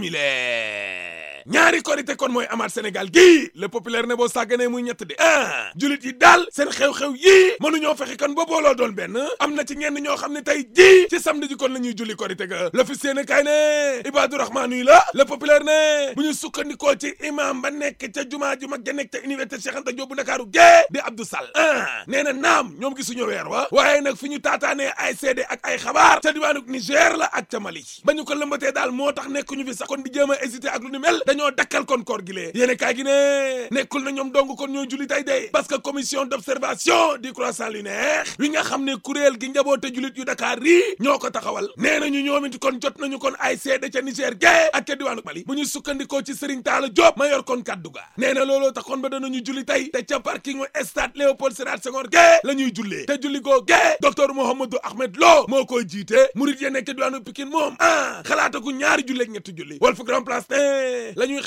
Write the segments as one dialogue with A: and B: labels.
A: similaire ñaari korité kon mooy amaat Sénégal gii le populaire ne boo sàgganee muy ñett de ah julit yi daal seen xew-xew yii mënuñoo fexe kon ba booloo benn am na ci ñenn ñoo xam ne tey jii ci samedi ji kon la ñuy julli korité ga l'office yéene kaay ne Ibadou Rahman yi la le populaire ne bu ñu sukkandikoo ci imam ba nekk ca jumaa ju mag ca université Cheikh Anta Diop bu di Abdou ah nee na naam ñoom gisuñu weer wa waaye nag fi ñu taataanee ay seede ak ay xabaar ca diwaanuk Niger moo tax nekk ñu a dakkal kon koor gi lee yéene kaay gi ne nekkul na ñoom dong kon ñooy julli tay day parce que commission d'observation du croissant lunaire wi nga xam ne kuréel gi njaboote jullit yu Dakar rii ñoo ko taxawal nee nañu ñoom it kon jot nañu kon ay seede ca Niger gee ak ca diwaanu Mali bu ñu sukkandikoo ci Serigne Talla Diop ma kon kaddu ga nee na looloo taxoon ba danañu julli tey te ca parking stade Léopold Sédar Senghor gee la ñuy jullee te julli goo gee docteur moo koy jiite murit ya nekk ca diwaanu Pikine moom ah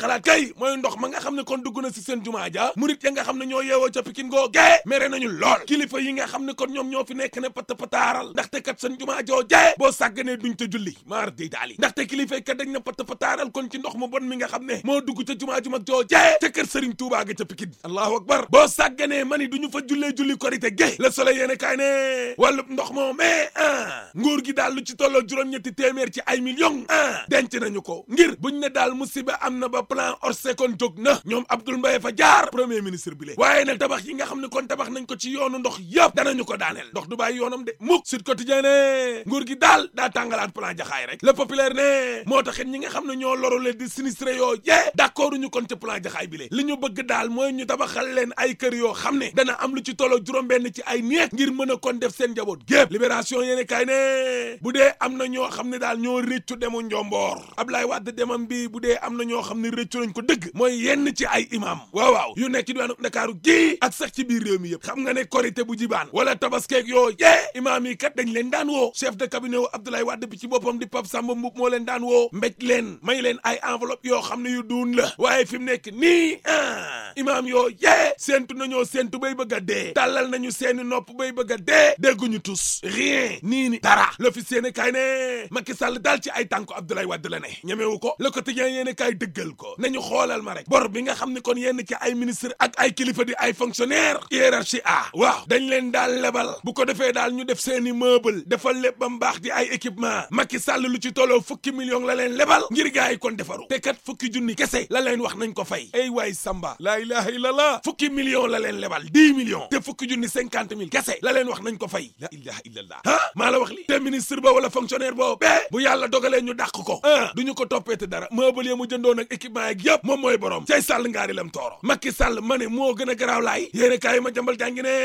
A: xalaat kay mooy ndox ma nga xam ne kon dugg na si seen jumaa ja murit ya nga xam ne ñoo yeewoo ca Pikine goo gee mere nañu lool kilifa yi nga xam ne kon ñoom ñoo fi nekk ne pat pataaral ndaxte kat seen jumaa joo jee boo sàgganee duñ ta julli maar di daali ndaxte kilifa kat dañ na pat pataaral kon ci ndox mu bon mi nga xam ne moo dugg ca jumaa ju mag joo jee ca kër Serigne Touba ga ca Pikine allahu akbar boo sàgganee mani duñu fa jullee julli korite ge le soleil yéene kaay ne wàllu moo mais ah nguur gi daal lu ci tolloo juróom-ñetti téeméer ci ay millions ah denc nañu ko ngir buñ ne daal musiba am na ba plan ORSEC kon jóg na ñoom Abdoul Mbaye fa jaar premier ministre bi le waaye nag tabax yi nga xam ne kon tabax nañ ko ci yoonu ndox yëpp danañu ko daaneel ndox du bàyyi yoonam de mukk Sud Quotidien ne nguur gi daal daa tàngalaat plan jaxaay rek le populaire ne moo taxit ñi nga xam ne ñoo lorule di sinistré yo yee d'accord ñu kon ci plan jaxaay bi li ñu bëgg daal mooy ñu tabaxal leen ay kër yoo xam ne dana am lu ci tolo juróom-benn ci ay néeg ngir mën a kon def seen njaboot gépp libération yéene kaay ne bu dee am na ñoo xam ne daal ñoo réccu demu njomboor Ablaye Wade demam bi bu dee am na ñoo xam ne rëccu nañ ko dëgg mooy yenn ci ay imam waaw waaw yu nekk ci diwaanu Ndakaaru gii ak sax biir réew mi xam nga ne korité bu jibaan wala tabaskeeg yoo yee imaam yi kat dañ leen daan woo chef de cabinet wu Abdoulaye Wade bi ci boppam di Pape Samba Mboup moo leen daan woo mbéj leen may leen ay enveloppe yoo xam ne yu duun la waaye fi nekk nii ah imaam yoo yee séentu nañoo séentu bay bëgg a dee tàllal nañu seeni nopp bay bëgg de dee dégguñu tus rien nii ni dara la fi séene kaay ne Macky Sall daal ci ay tànku Abdoulaye Wade la ne ñemewu ko le quotidien yéene kaay dëggal ko nañu xoolal ma rek bor bi nga xam ne kon yenn ci ay ministre ak ay kilifa di ay fonctionnaire hiérarchie A waaw dañ leen daal lebal bu ko defee daal ñu def seeni meuble defal lépp ba mbaax di ay équipement Macky Sall lu ci tolloo fukki million la leen lebal ngir gars kon defaru te kat fukki junni kese la leen wax nañ ko fay ay Samba ilaha illallah fukki million la leen lebal dix millions te fukki junni cinquante mille kese la leen wax nañ ko fay la ilaha illallah ah maa la wax li te ministre ba wala fonctionnaire boobu bee bu yàlla dogalee ñu dàq ko ah du ñu ko toppeete dara meuble ya mu jëndoon ak équipement yeeg yëpp moom mooy borom cay sàll ngaari lam tooro Macky Sall ma ne moo gën a garaaw laay yéene ma jambal jàngi ne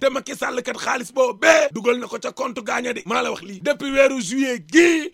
A: te Macky Sall kat xaalis boobu bee dugal na ko ca compte gaaña di maa wax lii depuis weeru juillet gii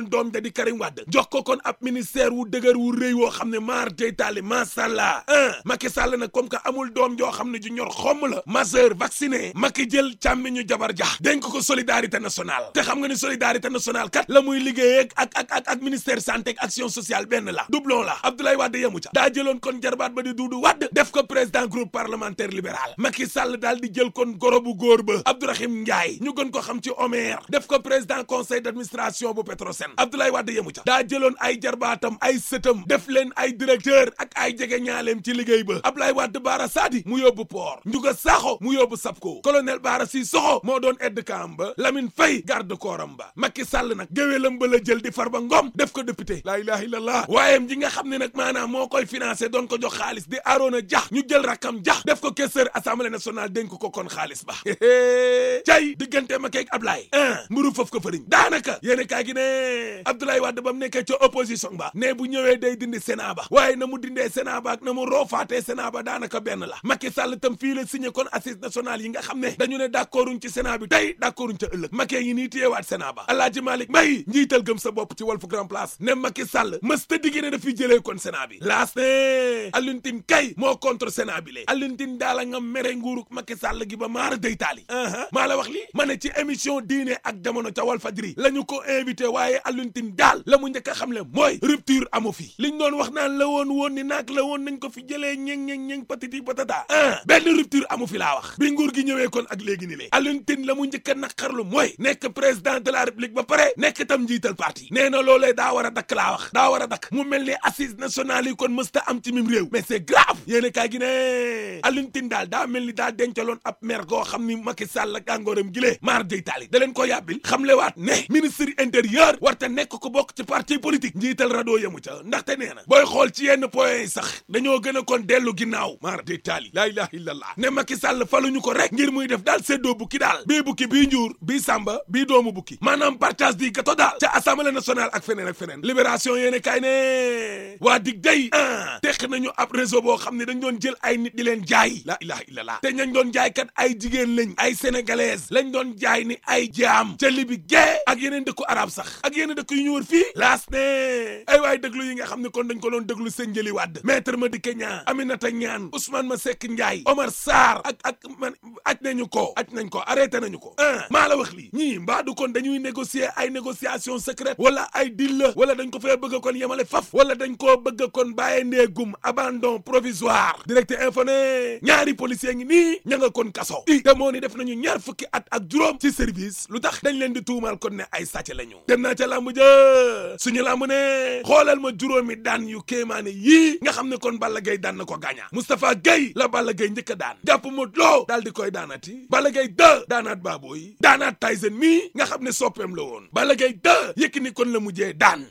A: woon doom ja di Karim Wade jox ko kon ab ministère wu dëgër wu rëy woo xam ne maar day taali masàlla un Macky Sall na comme que amul doom joo xam ne ju ñor xomm la majeur vacciné Macky jël càmmi ñu jabar ja dénk ko solidarité national te xam nga ni solidarité national kat la muy liggéeyee ak ak ak ak ministère action sociale benn la doublon la Abdoulaye Wade yemu ca daa jëloon kon jarbaat ba di Doudou Wade def ko président groupe parlementaire libéral Macky Sall daal di jël kon goro bu góor ba Abdourahim Ndiaye ñu gën ko xam ci Omer def ko président conseil d'administration bu keneen Abdoulaye Wade yemu ca daa jëloon ay jarbaatam ay sëtam def leen ay directeur ak ay jege ñaaleem ci liggéey ba Abdoulaye Wade Baara Saadi mu yóbbu port Ndiouga Sakho mu yóbbu SAPCO colonel Baara soxo moo doon aide de camp ba Lamine Faye garde corps am ba Macky Sall nag géwélam ba la jël di Farba Ngom def ko député la ilaha illallah waayeem ji nga xam ne nag maanaa moo koy financé doon ko jox xaalis di Arona jax ñu jël rakam jax def ko questeur assemblée na dénk ko kon xaalis ba cay diggante ma keeg Ablaye un mburu foofu ko fëriñ Abdoulaye Wade ba mu nekkee ca opposition ba ne bu ñëwee day dindi Sénat ba waaye na mu dindee Sénat ba na mu roofaatee Sénat ba daanaka benn la Macky Sall tam fii la signé kon assise nationale yi nga xam ne dañu ne d'accorduñ ci Sénat bi tey d'accorduñ ca ëllëg Macky ngi nii téyewaat Sénat ba Alaaji Malick Mbaye njiital gëm sa bopp ci Walf Grand Place ne Macky Sall mës ta ne dafiy jëlee kon Sénat bi laas ne Alioune Tine kay moo contre Sénat bi lee Alioune Tine daala nga mere nguuruk Macky Sall gi ba la wax li ma ne ci émission diine ak jamono ca Walfadjri la ñu ko Alioune Tine daal la mu njëkk a xamle mooy rupture amu fi liñ doon wax naan la woon woon ni naak la woon nañ ko fi jëlee ñeng ñeng ñeng patiti patata ah benn rupture amu fi laa wax bi nguur gi ñëwee kon ak léegi ni lee Alioune Tine la mu njëkk a naqarlu mooy nekk président de la république ba pare nekk tam njiital parti nee na loolee daa war a dakk laa wax daa war a dakk mu mel ni assise nationale yi kon mësta am ci mim réew mais c'est grave yéene kaay gi ne Alioune Tine daal daa mel ni daa dencaloon ab mer xam ni Macky Sall ak gàngooram gilee maar day taali da leen ko yàbbil xamlewaat ne ministre intérieur warte nekk ko bokk ci parti politique njiital rado yamu ca ndaxte nee na xool ci yenn point yi sax dañoo gën a kon dellu ginnaaw maar di taali laa ilaha illallah ne Macky Sall faluñu ko rek ngir muy def daal séddoo bukki daal bii bukki bii njuur bii sàmba bii doomu bukki maanaam partage di gato daal ca assemblée nationale ak feneen ak feneen libération yéene kaay ne waa dig day ah teq ñu ab réseau boo xam ne dañ doon jël ay nit di leen jaay laa ilaha illallah te ñañ doon jaay kat ay jigéen lañ ay sénégalaise lañ doon jaay ni ay jaam ca libi gee ak yeneen dëkku arab sax ak yenn dëkk yu ñu wër fii laas ne ay waay déglu yi nga xam ne kon dañ ko doon déglu sëñ Jëli Wàdd maître Madické Niang Aminata Niane ma Masseck Ndiaye Omar Sarr ak ak man aj nañu ko aj nañ ko arrêté nañu ko un maa la wax lii ñii mbaa du kon dañuy négocier ay négociation secrète wala ay deal la wala dañ ko fee bëgg kon yemale faf wala dañ koo bëgg kon bàyyee ndeegum abandon provisoire directe info ne ñaari policier ngi nii ña nga kon kaso i te moo ni def nañu ñaar fukki at ak juróom ci service lu tax dañ leen di tuumaal kon ne ay sàcc lañu dem naa ca làmb ja suñu làmb ne xoolal ma juróomi daan yu kéemaane yi nga xam ne kon Balla Gaye daan na ko gaañaa Moustapha Gueye la Balla Gaye njëkk a jàpp Modou Lo daal di koy daanati Balla Gaye 2 daanaat baabooy daanaat Tyson mii nga xam ne soppeem la woon Balla Gaye 2 Yékini kon la mujjee daan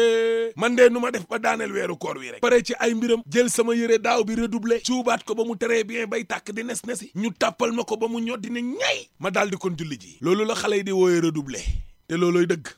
A: man de nu ma def ba daaneel weeru koor wi rek pare ci ay mbiram jël sama yëre daaw bi ci cuubaat ko ba mu très bien bay tàkk di nes nesi ñu tappal ma ko ba mu ñoddi ne ñay ma daal di kon julli ji loolu la xale yi di wooye redoublé te loolooy dëgg